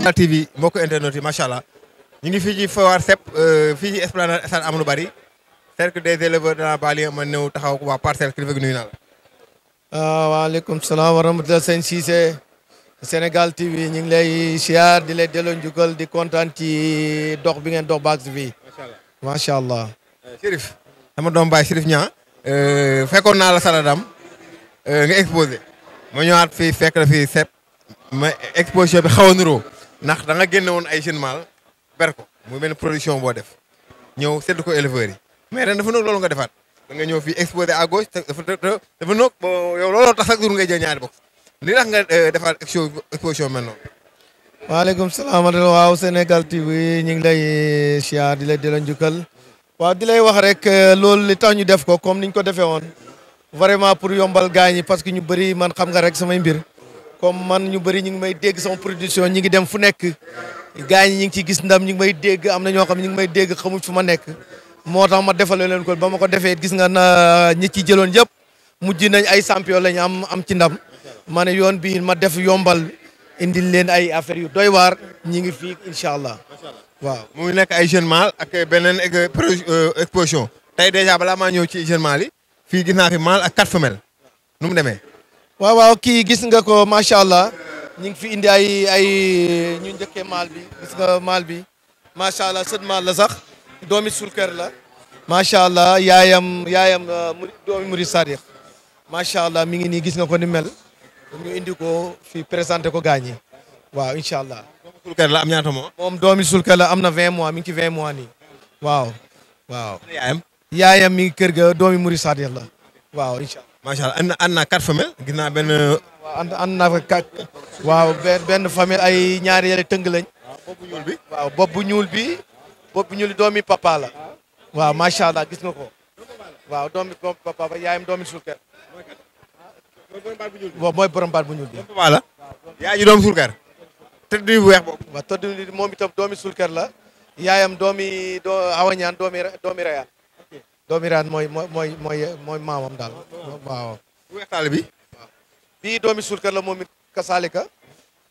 Touba TV mbokk internet yi macha allah ngi fi ci Foire Sepp euh, fi ci esplanade Stade Amadou bari cercle des éleveurs de la Balie ma neew taxaw ah, wa parcel ki la. alaykum salam wa rahmatullah sen Cissé Sénégal TV ñi ngi lay siyaar di lay delloo njukkal di kontaan ci dox bi ngeen dox bax si machallah macha dama dom euh, bay Chérif ñaan euh fekkon na la Saladam euh, nga exposé ma fi fekk la fi sep ma exposition bi ndax da nga génne won ay jeune mal ber ko muy benn production bo def ñew sedd ko éleveur yi mais ren dafa nok lolu nga defat da nga ñew fi exposer à gauche dafa dafa noog yow lolu tax ak dur nga jël ñaari bok li tax nga euh, defaat exposition mel noonu waaleykum salaam waaw senegal TV ñi ngi lay xiar euh, di la di la njukkal di lay wax rek euh, lolu li tax ñu def ko comme niñ ko defewon woon vraiment pour yombal gaay ñi parce que ñu bari man xam nga rek samay mbir comme man ñu bëri ñu ngi may dégg sama production ñi ngi dem fu nekk gars yi ñu ngi ciy gis ndam ñu ngi may dégg am na ñoo ñu ngi may dégg xamuñ fu ma nekk moo tax ma defale leen ko ba ma ko defee gis nga na ñi ci jëloon yëpp mujj nañ ay champion lañ am am ci ndam ma ne yoon bi ma def yombal indil leen ay affaire yu doy waar ñi ngi fii incha allah waaw mu ngi nekk ay jeune mal ak beneen euh, exposition tey dèjà balaa maa ñëw ci jeune yi fii gis naa fi ak quatre femelles nu demee waaw waaw kii gis nga ko macha allah ñu ngi fi indi ay ay ñu njëkkee maal bi gis nga maal allah sët maal la sax doomi surkër la macha allah yaayam yaayam euh, doomi muri sarix macha allah mi ngi nii gis nga ko ni mel ñu indi ko fii présenté ko gaañi waaw incha allah. ñaata mois. moom doomi surkër la am na vingt mois mi ngi ci 20 mois nii waaw. waaw yaayam. mi ngi kër ga doomi muri sarix la macha allah ànd ànd naa quatre femelles gis naa benn. waaw ànd ànd waaw benn benn ay ñaari yële tëng lañ. waaw ah, bu ñuul bi. waaw bopp bu ñuul bi. bopp bu ñuul bi doomi papa la. waaw macha allah gis nga ko. waaw doomi papa ba yaayam doomi sulker. bu ñuul bi. weex boobu. waaw tëdd moom itam doomi sulker la. yaayam doomi doo awañaan doomi doomi doomiraan mooy mooy mooy mooy maamam daal waaw. bi. waaw bii doomi la moom it kasaalika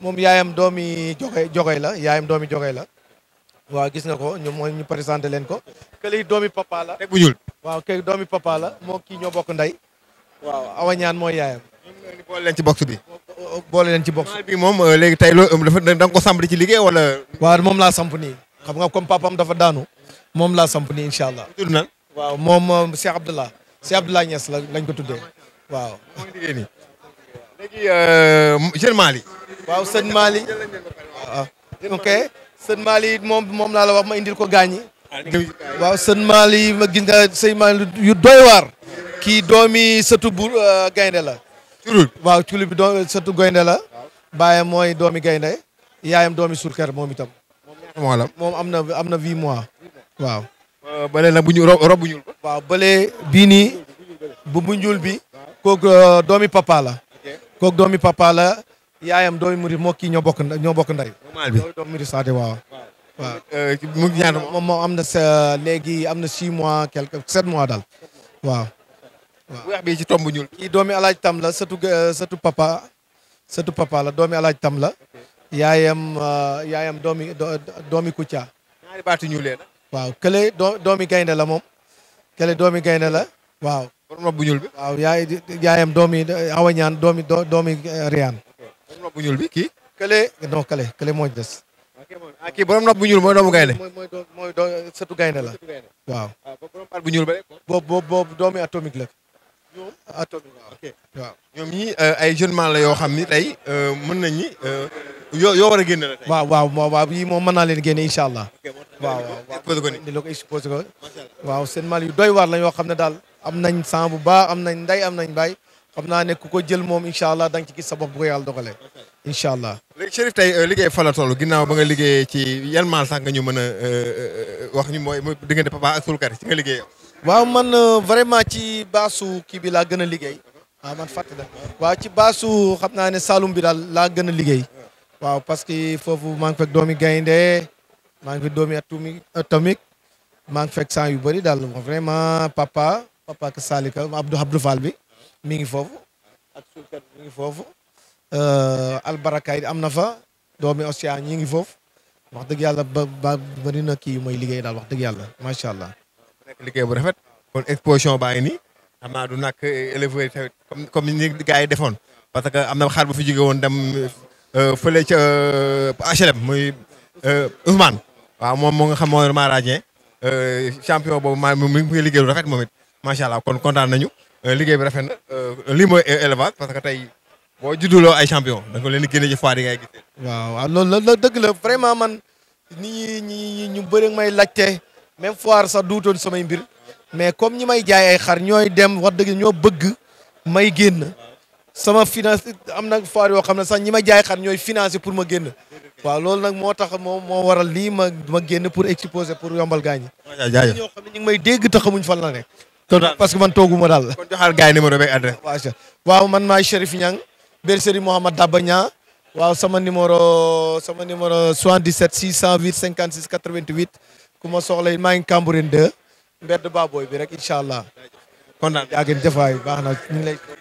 moom yaayam doomi joxe joxe la yaayam doomi joxe la. waaw gis nga ko ñu mooy ñu présenté leen ko. kële doomi papa la. teg bu ñuul waaw kële doomi papa la moo kii ñoo bokk nday waaw awañaan mooy yaayam. boole leen ci box bi. boole leen ci box bi moom euh, léegi tey loolu um, dafa da nga ci liggéey wala. waaw moom laa samp nii. xam nga comme papam dafa daanu. moom laa samp ni incha allah. waaw moom Cheikh Abdallah Cheikh Abdallah Niass la lañ ko tuddee waaw. léegi sëñ euh, waaw sëñ Mali. Ah, ah. ok sëñ Mali moom moom la wax ma indil ko gaañi. waaw sëñ Mali ma gis nga yu doy doomi sëtu bu euh, gaynde la. culub waaw culub bi doomi sëtu gaynde la. baayam mooy doomi gaynde yaayam doomi surker moom itam. moom am na am na mois waaw. Euh, bële na bu ñu rob bu ñuul waaw bële bii nii bu bu ñuul bi kook euh, doomi papa la kook doomi papa la yaayam doomi muri moo kii ñoo bokk ñoo bokk nday doomi muri saate waaw euh, mu ñaan moom am na léegi am na six mois quelque sept mois dal waaw bu weex bi ci tomb ñuul kii doomi alaaj tam la sëtu sëtu papa sëtu papa la doomi alaaj tam la yaayam yaayam doomi doomi kucca waaw kële doomi gaynde la moom kële doomi gaynde la waaw borom bu ñuul bi waaw yaay yaayam doomi awañaan doomi doomi eh, riyaan borom nopp bu ñuul bi kii kële non kële kële mooy des ah kii borom nopp bu ñuul mooy doomu gaynde mooy sëtu gaynde la waaw ah, borom baat doomi atomique la ñoom ñoom ñi euh, ay jeune la yoo xam ni tey euh, mën nañ ñi euh, yoo yoo war a génne la waaw waaw waaw yii moom mën naa leen génne incha allah waaw waaw ko ni la waaw seen mal yu doy waar la yoo xam ne daal am nañ sang bu baax am nañ nday am nañ baay xam naa ne ku ko jël moom incha allah da ci gis sa bopp bu ko yàlla dogalee incha allah léegi Chérif euh, liggéey fa la toll ginnaaw ba nga liggéeyee ci yan maal sax nga ñu mën a euh, euh, wax ñu mooy diggante papa ak sulkar ci nga liggéey waaw man vraiment ci baasu kii bi laa gën a liggéey waaw ah, man fàtte la waaw ci baasu xam naa ne Saloum bi daal laa gën a liggéey waaw parce que foofu maa ngi fekk doomi gaynde maa ngi fi doomi atomique maa ngi fekk sang yu bari daal moom vraiment papa papa ak Salika Abdou Abdou Fall bi mi ngi foofu ak suukat mi ngi foofu euh, albaraka yi am na fa doomi Océan ñi ngi foofu wax dëgg yàlla ba ba bëri na kii yu may liggéey daal wax dëgg yàlla macha allah. liggéey bu rafet kon exposition baa ngi nii xam naa du nag euh, éleveurs comme comme ni gars defoon parce que am na xar bu fi jóge woon dem euh, fële ca HLM muy Ousmane. waaw moom moo nga xam mooy Mara Dieng euh, champion boobu maa mi ngi koy liggéey lu rafet moom it macha allah kon kontaan nañu euh, liggéey bi rafet na euh, lii mooy élevage parce que tey boo judduloo ay champion da leen di génne ci foire yi ngay gisee. waaw waaw loolu la dëgg la vraiment man nit ñi ñu bëri may laajte même foire sax duutoon samay mbir mais comme ñi may jaay ay xar ñooy dem wax dëgg ñoo bëgg may génn. sama finance am nak faar yo xamna sax ñima jaay xar ñoy financer pour ma genn wa lool nak moo tax mo moo waral li ma ma genn pour exposer pour yombal gañ yi jaajëf ñoo xamni ne may dégg te xamuñ fan la nekk parce que man tooguma dal kon joxal gaay numéro beeg adresse wa waaw man maay Chérif Niang bergerie Mouhamad Daba Niang wa sama numéro sama numéro 77 608 56 88 ku ma ngi cambourine 2 mbedd Baboy bi rek inshallah kon kontaan ya ngeen jëfaay baxna na ñu lay